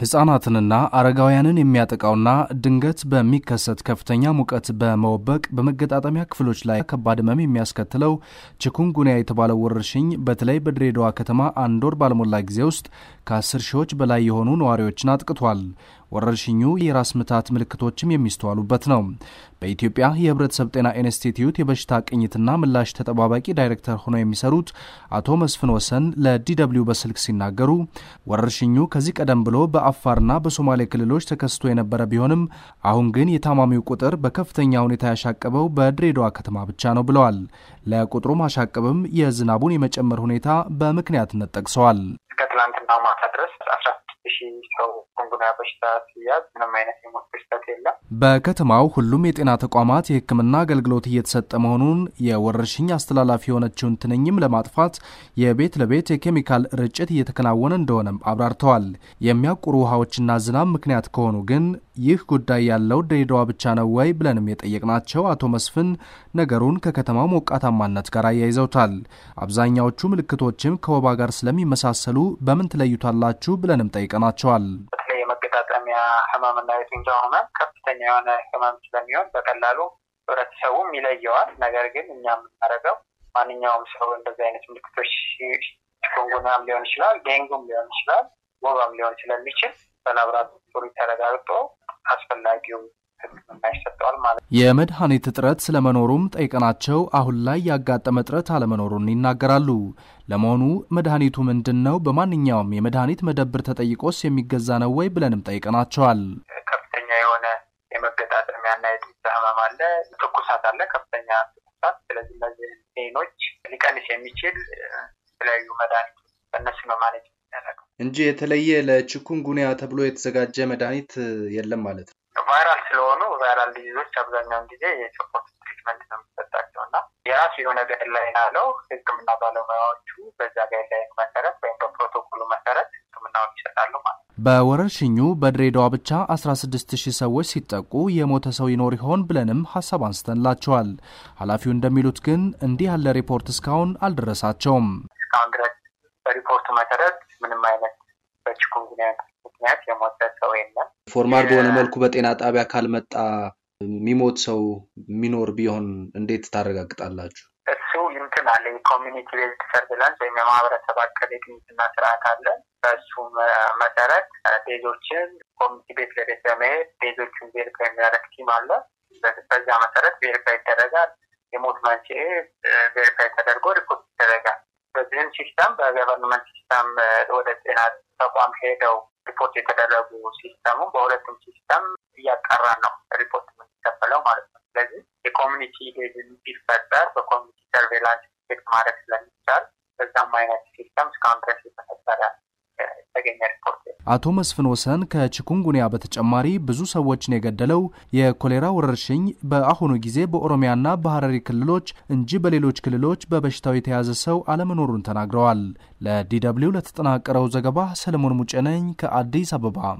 ሕፃናትንና አረጋውያንን የሚያጠቃውና ድንገት በሚከሰት ከፍተኛ ሙቀት በመወበቅ በመገጣጠሚያ ክፍሎች ላይ ከባድ ህመም የሚያስከትለው ችኩንጉንያ የተባለው ወረርሽኝ በተለይ በድሬዳዋ ከተማ አንድ ወር ባልሞላ ጊዜ ውስጥ ከ10 ሺዎች በላይ የሆኑ ነዋሪዎችን አጥቅቷል። ወረርሽኙ የራስ ምታት ምልክቶችም የሚስተዋሉበት ነው። በኢትዮጵያ የህብረተሰብ ጤና ኢንስቲትዩት የበሽታ ቅኝትና ምላሽ ተጠባባቂ ዳይሬክተር ሆነው የሚሰሩት አቶ መስፍን ወሰን ለዲደብሊው በስልክ ሲናገሩ ወረርሽኙ ከዚህ ቀደም ብሎ በአፋርና በሶማሌ ክልሎች ተከስቶ የነበረ ቢሆንም አሁን ግን የታማሚው ቁጥር በከፍተኛ ሁኔታ ያሻቀበው በድሬዳዋ ከተማ ብቻ ነው ብለዋል። ለቁጥሩ ማሻቀብም የዝናቡን የመጨመር ሁኔታ በምክንያትነት ጠቅሰዋል። እስከ ትላንትና ማታ ድረስ አስራ ሰው በሽታ ሲያዝ ምንም አይነት የሞት ክስተት የለም። በከተማው ሁሉም የጤና ተቋማት የሕክምና አገልግሎት እየተሰጠ መሆኑን የወረርሽኝ አስተላላፊ የሆነችውን ትንኝም ለማጥፋት የቤት ለቤት የኬሚካል ርጭት እየተከናወነ እንደሆነም አብራርተዋል። የሚያቁሩ ውሃዎችና ዝናብ ምክንያት ከሆኑ ግን ይህ ጉዳይ ያለው ድሬዳዋ ብቻ ነው ወይ ብለንም የጠየቅናቸው አቶ መስፍን ነገሩን ከከተማው ሞቃታማነት ጋር አያይዘውታል። አብዛኛዎቹ ምልክቶችም ከወባ ጋር ስለሚመሳሰሉ በምን ትለዩታላችሁ ብለንም ጠይቀናል። ገጥሟቸዋል። በተለይ የመገጣጠሚያ ህመምና የጡንቻ ህመም ከፍተኛ የሆነ ህመም ስለሚሆን በቀላሉ ህብረተሰቡም ይለየዋል። ነገር ግን እኛ የምናደርገው ማንኛውም ሰው እንደዚህ አይነት ምልክቶች ሽኩንጉንያም ሊሆን ይችላል፣ ዴንጉም ሊሆን ይችላል፣ ወባም ሊሆን ስለሚችል በላብራቶሪ ተረጋግጦ አስፈላጊው ሕክምና ይሰጠዋል ማለት ነው። የመድኃኒት እጥረት ስለመኖሩም ጠይቀናቸው አሁን ላይ ያጋጠመ እጥረት አለመኖሩን ይናገራሉ። ለመሆኑ መድኃኒቱ ምንድን ነው? በማንኛውም የመድኃኒት መደብር ተጠይቆስ የሚገዛ ነው ወይ ብለንም ጠይቀናቸዋል። ከፍተኛ የሆነ የመገጣጠሚያና የጡንቻ ህመም አለ፣ ትኩሳት አለ፣ ከፍተኛ ትኩሳት። ስለዚህ እነዚህ ኖች ሊቀንስ የሚችል የተለያዩ መድኃኒት በእነሱ መማለት እንጂ የተለየ ለችኩንጉኒያ ተብሎ የተዘጋጀ መድኃኒት የለም ማለት ነው። ታላላቅ ልጆች አብዛኛውን ጊዜ የሰፖርት ትሪትመንት ነው የሚሰጣቸው እና የራሱ የሆነ ጋይድላይን አለው። ህክምና ባለሙያዎቹ በዛ ጋይድላይን መሰረት ወይም በፕሮቶኮሉ መሰረት ሕክምናውን ይሰጣሉ ማለት ነው። በወረርሽኙ በድሬዳዋ ብቻ 16 ሺህ ሰዎች ሲጠቁ የሞተ ሰው ይኖር ይሆን ብለንም ሀሳብ አንስተንላቸዋል። ኃላፊው እንደሚሉት ግን እንዲህ ያለ ሪፖርት እስካሁን አልደረሳቸውም። እስካሁን ድረስ በሪፖርቱ መሰረት ምንም አይነት ቺኩንጉንያ ምክንያት የሞተ ሰው የለም። ፎርማል በሆነ መልኩ በጤና ጣቢያ ካልመጣ የሚሞት ሰው የሚኖር ቢሆን እንዴት ታረጋግጣላችሁ? እሱ እንትን አለ የኮሚኒቲ ቤዝድ ሰርቪላንስ ወይም የማህበረሰብ አቀፍ የክንትና ስርዓት አለ። በእሱ መሰረት ቤዞችን ኮሚኒቲ ቤት ለቤት በመሄድ ቤዞችን ቬሪፋይ የሚያደርግ ቲም አለ። በዛ መሰረት ቬሪፋይ ይደረጋል። የሞት መንስኤ ቬሪፋይ ተደርጎ በዚህም ሲስተም በገቨርንመንት ሲስተም ወደ ጤና ተቋም ሄደው ሪፖርት የተደረጉ ሲስተሙ በሁለቱም ሲስተም እያጠራን ነው ሪፖርት የምንቀበለው ማለት ነው። ስለዚህ የኮሚኒቲ ሄድን ቢፈጠር በኮሚኒቲ ሰርቬላንስ ማድረግ ስለሚቻል በዛም አይነት ሲስተም እስካሁን ድረስ የተፈጠረ የተገኘ ሪፖርት። አቶ መስፍን ወሰን ከቺኩንጉንያ በተጨማሪ ብዙ ሰዎችን የገደለው የኮሌራ ወረርሽኝ በአሁኑ ጊዜ በኦሮሚያና በሀረሪ ክልሎች እንጂ በሌሎች ክልሎች በበሽታው የተያዘ ሰው አለመኖሩን ተናግረዋል። ለዲ ደብልዩ ለተጠናቀረው ዘገባ ሰለሞን ሙጬ ነኝ ከአዲስ አበባ።